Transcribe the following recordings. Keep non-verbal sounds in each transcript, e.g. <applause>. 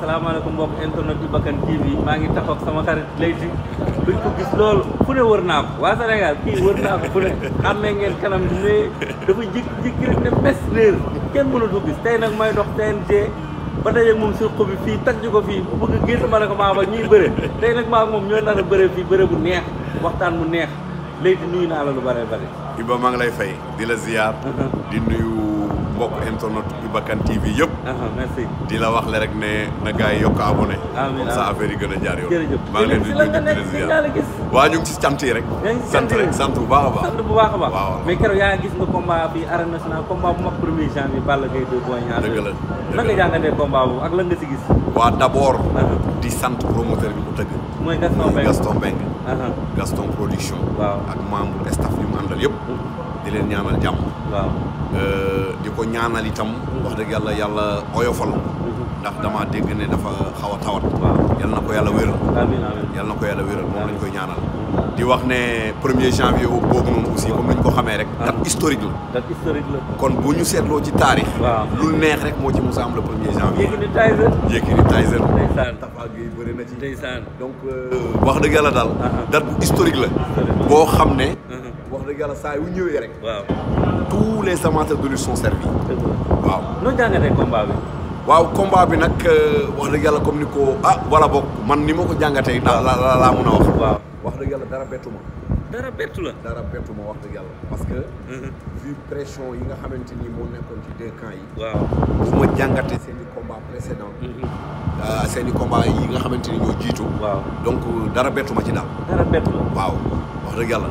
salaamaaleykum mbokk internet yu bakkan TV maa ngi tax ak sama xarit Leyti duñ ko gis loolu fu ne wër naa ko waa Sénégal kii wër naa ko fu ne xàmmee ngeen kanam bi mais dafa jékki-jékki rek ne bés réer kenn mënu ko gis tey nag may dox TNG ba daje moom si xob bi fii tàjji ko fii bu bëgg génn ma ne ko maa ba ñuy bëre tey nag maa moom ñooy nar a bëre fii bëre bu neex waxtaan bu neex Leyti nuyu naa la lu bare bare Iba maa ngi lay fay di la ziar <laughs> di mbokk internet bi bakkan TV yëpp. Ah, merci di la wax le ne na gars yi yokk a abonné. comme ça affaire gën a jaar yoon. jërëjëf maa ngi leen rek. sant rek sant bu baax a baax. sant bu baax a baax waaw mais keroog yaa gis nga combat bi arène nationale combat bu mag premier janvier Balla Gaye 2 Boy Niang. dëgg la nan nga jàngatee combat boobu ak lan nga si gis. waa d' abord. Ah. di sant promoteur bi bu tëgg. mooy Gaston Mbengue Gaston ah. production. waaw ak membre staff yu mu àndal yëpp mm. di leen ñaanal jàmm. waaw euh, di ko ñaanal itam. wax dëgg yàlla yàlla oyofal. ndax damaa dégg ne dafa xaw a tawat. waaw yal na ko yàlla wéral. amiin amiin yal na ko yàlla wéral lañ koy ñaanal. di wax ne premier janvier boobu noonu aussi comme nañ ko xamee rek. Ah. date historique la. date kon bu ñu seetloo ci taarix. yi lu neex rek moo ci musa a am le premier janvier. Yékini Tyson. Yékini Tyson. ndeysaan Tapha Gueye bëri na ci. ndeysaan donc. Euh, wax dëgg yàlla daal. Ah, ah. date historique la. boo xam ne. dëgg yàlla saa yu ñëwee rek. waaw tous les amateurs de lutte sont servis. waaw. noo jàngatee combat bi. waaw combat bi nag euh, wax dëgg yàlla comme ni ko ah wala bokk man ni ma ko jàngatee. la la laa mun a wax. waaw wax dëgg yàlla dara bettu ma. dara bettu dara bettu ma wax dëgg yàlla parce que. Mm-hmm. vu pression yi nga xamante ni moo nekkoon ci deux yi. waaw bu ma jàngatee seen i combats précédents. Mm-hmm. Euh, seen i combats yi nga xamante ni ñoo jiitu. waaw donc euh, dara bettuma ci daal. dara bettu waaw wax dëgg yàlla.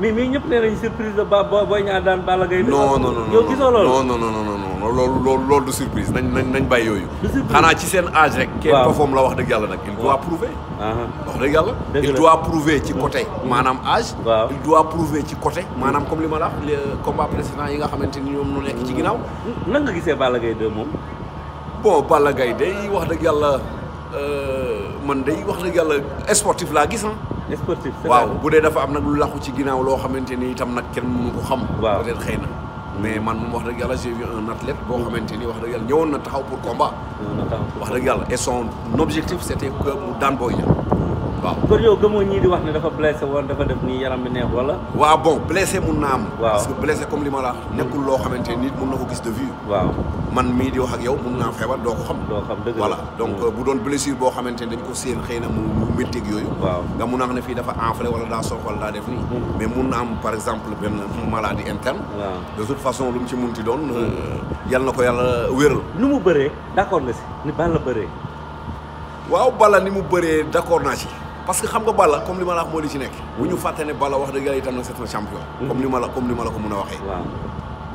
mais mais ñëpp nee nañ surprise la ba Boy Niang daan Balla Gaye. non non non yow ci seen âge rek. la wax dëgg yàlla nag. il doit prouver. wax dëgg yàlla. il doit prouver ci mm. côté. maanaam âge. waaw ci côté. maanaam comme li ma la wax les yi nga xamante ni ñoom ñu nekk ci ginnaaw. nan nga gisee Balla Gaye 2 moom. bon Balla Gaye wax dëgg yàlla. Euh, man day wax dëgg yàlla sportif laa gis ah. waaw bu dee dafa am nag lu làqu ci ginnaaw loo xamante ni itam nag kenn mënu xam. waaw peut xëy na. mais man moom wax dëgg yàlla j'ai un athlète boo xamante ni wax dëgg yàlla ñëwoon na taxaw pour combat. wax dëgg yàlla et son objectif c'était que mu daan booy ña. waaw kon yow gëmoo ñii di wax ne dafa blessé wala dafa def nii yaram wala. waaw bon blessé mun naa am. waaw parce comme li ma la nekkul loo xamante nit mun na ko gis de vue. waaw man mii di wax ak yow mun naa feebar doo ko xam. doo xam dëgg voilà mm. euh, bu doon blessure boo xamante ne dañ ko xëy na mu mu métteeg yooyu. waaw nga a xam ne fii dafa enflé wala daa sox wala daa def mm. na am par exemple benn maladie interne. waaw de toute façon lu mu ci munti doon. Euh, yal na ko yàlla wéral. nu mu bëree d' accord si ni Balla bëree. waaw Balla ni mu bëree d' accord naa ci. parce que xam nga Balla comme li ma la moo li ci nekk. bu ñu fàtte ne Balla wax dëgg yàlla itam nag c'est un champion. comme li comme li ko mën a waxee.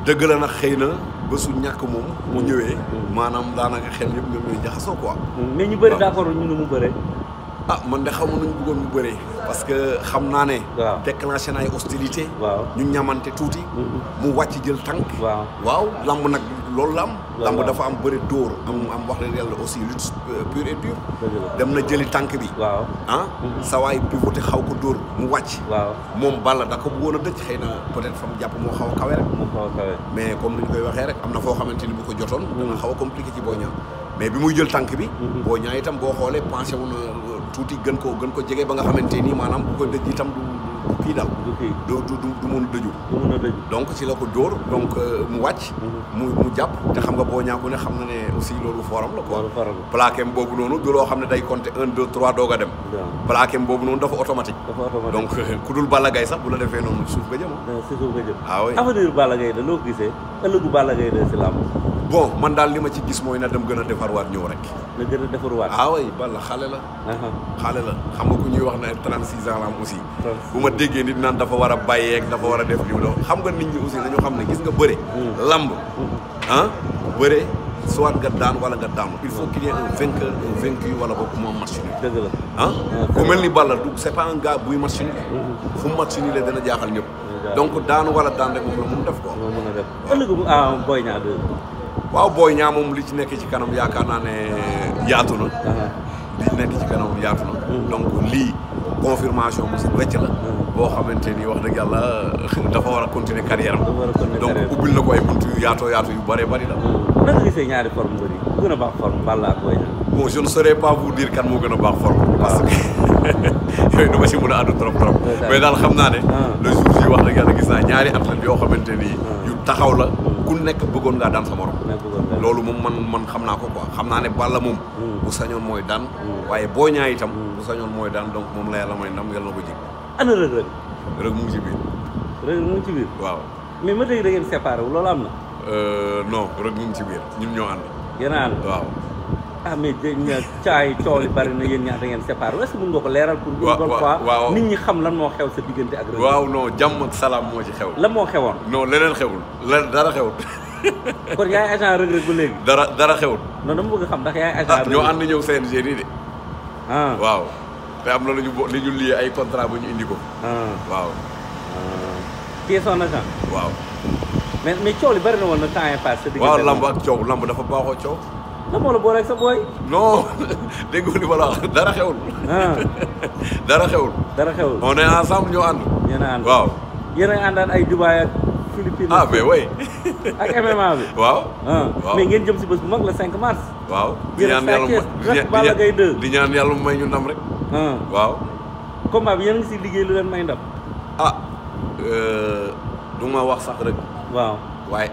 dëgg la nag xëy na bésu ñàkk moom. mu mm. ñëwee. Mm. maanaam daanaka xel yëpp ñoom ñooy jaxasoo quoi. Mm. mais ñu bëri d'accord ñu ne mu bëree. ah man de xamu nañu bëggoon mu bëree. parce que xam naa ne. waaw déclenché na ay hostilité. waaw ñu ñamante tuuti. mu wàcc jël tànk. waaw waaw nag. loolu la am. lamb dafa am bëri dóor. am am wax dëgg yàlla aussi lutte euh, pure et dure. dem na jëli tànk bi. waaw ah. sa waay xaw ko dóor mu wàcc. waaw moom Balla da ko dëj xëy na peut-être fa mu jàpp moo xaw a kawe rek. a kawe mais comme ni koy waxee rek am na foo xamante ni bu ko jotoon. Mm-hmm. dana xaw a compliqué ci boo ñaaw. mais bi muy jël tànk bi. Mm-hmm. boo ñaaw boo xoolee pensé wu na euh, tuuti gën koo gën ko jege ba nga xamante ni maanaam bu ko dëj itam kii daal du du du mun a dëju donc ci la ko dóor donc euh, mu wàcc mm-hmm. mu mu jàpp te xam nga boo ñaaku ne xam na ne aussi loolu forum la quoi plaquem boobu noonu du loo xam ne day compter un deux trois doog dem plaquem boobu noonu dafa automatique donc euh, ku dul Balla Gaye sax bu la defee noonu suuf nga jëm eh, ah oui gisee ëllëgu Balla Gaye da bon man daal li ma ci gis mooy na dem gën a defarwaat ñëw rek. na a ah Balla xale la. Uh-huh. xale la xam nga ku ñuy wax ne 36 ans la am aussi. bu ma déggee nit naan dafa war a bàyyeeg dafa war a def li do xam nga nit ñi aussi xam ne gis nga bëre. Mm. lamb mm-hmm. ah bëre. soit daan wala nga daanu il faut qu'il wala boog moom match nul dëgg la ah mm-hmm. ku mel ni buy match nul mm-hmm. fu mu match nul dana jaaxal ñëpp donc daanu wala daan rek mun def ko ëllëg bu Boy Niang waaw booy ñaa moom li ci nekk ci kanam yaakaar naa ne yaatu na. li ci nekk ci kanam yaatu na. donc lii confirmation bu wecc la. boo xamante ni wax dëgg yàlla <laughs> dafa war a continuer carrière am. donc ubbil na ko ay buntu yu yaatoo yaatu yu bëree bëri la. Mmh. nan nga gisee a baax pas vous dire kan moo gën a baax forme. parce que <laughs> yooyu dama si mën a àddu trop trop. mais daal xam naa mmh. le jour yi wax dëgg yàlla gis naa ñaari athlètes yoo xamante ni. Mmh. yu taxaw la. ku nekk bëggoon ngaa daan sa morom loolu moom man man xam naa ko quoi xam naa ne Balla moom hmm. bu sañoon mooy daan hmm. waaye boo Niang itam hmm. bu sañoon mooy daan donc moom la yàlla may ndam yàlla na ko jig ana rëg rëg rëg mu ngi ci biir rëg mu ngi waaw mais ma dégg da ngeen séparé wu loolu am na euh, non rëg mu ngi ci biir ñun ñoo ànd yéen waaw ah mais caay coow li bari na yéen ñaar da ngeen séparé est-ce nga ko leeral. waaw pour une bonne fois nit ñi xam lan moo xew sa diggante ak. waaw non jam ak salaam moo ci xew. lan moo xewoon. non leneen xewul leneen dara xewul. <laughs> kon yaay agent Reug Reug léegi. dara dara xewul. dama bëgg xam ndax yaay agent. Ah, Reug ah. waaw. te am na lu ñu bo li ay contrat bu ñu indi ko. Ah. waaw. kii mais mais coow bari na woon na temps yii passé. waaw lamb ak coow lamb dafa baaxoo coow. la mo la boole ak sa boy non dégg li ma la wax dara xewul dara xewul dara xewul on est ensemble ñoo ànd Wow. Iya, a ànd waaw yéen a àndaan ay Dubaï ak Philippines ah mais oui ak Wow. bi waaw waaw mais ngeen Wow. 5 mars waaw di ñaan yàlla ah. ah, eh, rek Balla Gaye 2 di ñaan yàlla mu may ñu ndam rek si liggéey lu leen ah euh du ma wax sax rek waaw waaye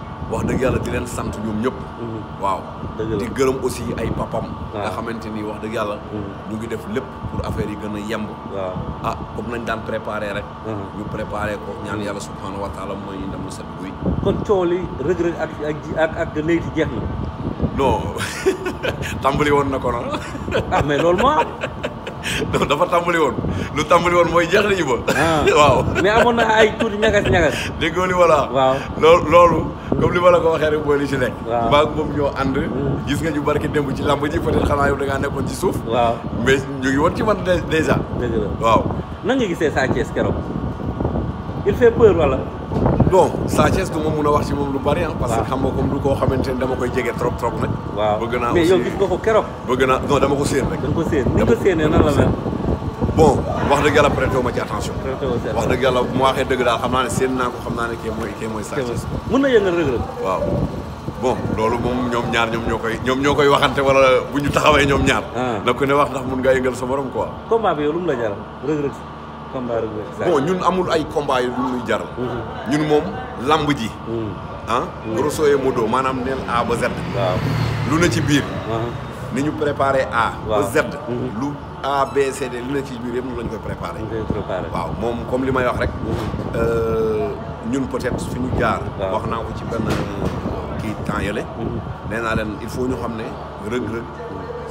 wax dëgg yàlla di leen sant ñoom ñëpp. Mm-hmm. waaw di gërëm aussi ay papam. nga xamante ni wax dëgg yàlla. Mm-hmm. ñu ngi def lépp pour affaire yi gën a yemb. ah comme nañ daan préparé rek. Mm-hmm. ñu préparé ko ñaan yàlla subhaanahu wa taala mooy ñu dem lu set guy. kon coow li Reug Reug ak ak ak Leyti jeex na. non <laughs> tàmbali woon na ko noonu. ah loolu moo <laughs> <laughs> non dafa tàmbali woon lu tàmbali woon mooy jeex nañu ba. Ah. <laughs> waaw mais amoon na ay tuuti ñagas ñagas. <laughs> déggoo li voilà. waaw loolu loolu. li ma la ko waxee rek mooy li ci nekk. waaw maa ngi ñoo ànd. gis nga ñu barki démb ci làmb ji peut-être xanaa yow da ngaa nekkoon ci suuf. waaw ñu ngi woon ci man dèjà. dëgg la waaw. nan nga gisee Sa Thiès keroog il fait peur wala. bon Sa Thiès du ma mun a wax ci moom lu bari ah. parce que xam nga comme du koo xamante dama koy jege trop trop nag. bëgg naa aussi mais nga ko keroog. bëgg naa non dama ko séen rek. dama ko séen naa ko xam naa ne kii mooy kii mooy na yëngal Reug Reug. waaw bon loolu moom ñoom ñaar ñoom ñoo koy waxante wala bu ñu taxawee ñoom ñaar. Ah. na ko ne wax ndax mun ngaa yëngal sa morom quoi. combat bon ñun amul ay combat yu ñuy jaral. Mm-hmm. ñun moom lamb ji. Mm-hmm. ah grosso mm-hmm. modo maanaam neel A ba Z. waaw lu na ci biir. Uh-huh. ni ñu préparé ah ba Z. lu A B C D lu na ci biir yëpp noonu la ñu koy préparé. waaw moom comme li may wax rek. Euh, ñun peut-être fi ñu jaar. wax naa ko ci benn euh, kii temps yële. nee naa leen il faut ñu xam ne rëg-rëg.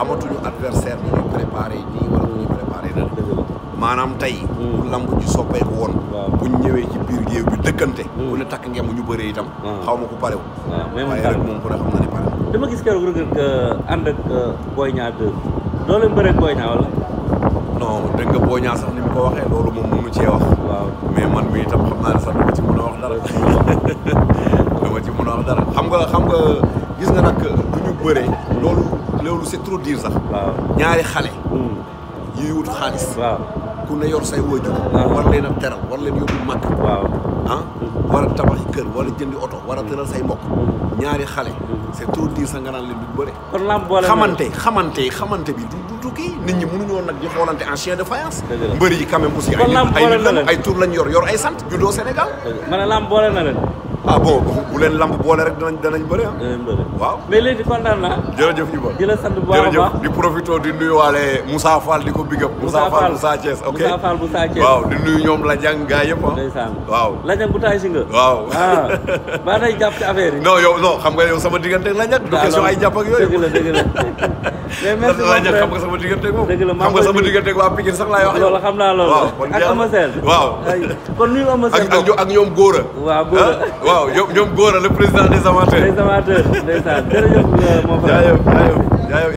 amatuñu adversaire bu ñu préparé ni wala bu ñu préparé na manam tay bu lamb soppé ko won bu ñëwé ci biir géew bi dëkkante bu ne tak ngeem ñu bëré itam xawma ma paré wu waaye rek moom ko ne xam na ne pare dama gis keroog rek rek and ak Boy Niang 2 doo leen bëré Boy Niang wala non dégg nga Boy Niang sax ni mu ko waxé loolu moom mënu ci wax mais man mi itam xam sax dama ci mëna wax dara dama ci mëna wax dara xam nga xam nga gis nga nak duñu bëré loolu loolu c'est trop dur sax. ñaari xale. Hmm. yuy wut xaalis. waaw ku ne yor say waajur. war leen a teral war leen yóbbu màkk. Ah, hmm. war a tabaxi kër war a jënd oto war a hmm. teral say mbokk. ñaari xale. c'est trop dur sax nga naan leen du bëre. kon boole xamante xamante xamante bi du du kii nit ñi mënuñoo nag di xoolante en chien de faïence. mbër yi quand même aussi. ay ay ay tur lañ yor yor ay sant juddoo Sénégal. dëgg la ma ne boole na leen. ah bon bu boleh lamb boole rek danañ danañ bëri ah. danañ bëri waaw. mais léegi kontaan naa. jërëjëf Iba di la sant bu baax a di profito di nuyuwaale Moussa Fall di ko big up. Moussa Fall Moussa Thiès ok Moussa Fall Moussa Thiès. waaw di nuyu ñoom la jàng gaa yëpp ah. ndeysaan waaw la jàng bu taay nga. waaw ah ba day jàpp ci affaire yi. non yow non xam nga yow sama diggante la kamu du ah, question ay kamu. ak yooyu. dëgg la dëgg la <laughs> mais merci la ñag xam nga sama diggante moom. dëgg la xam nga sama diggante waa Pikine sax laay wax. loolu xam naa loolu. ak Ama waaw kon nuyu Ama ak ñoom Góora. waaw Góora ah? waaw ñoom góor a le président des amateurs. des amateurs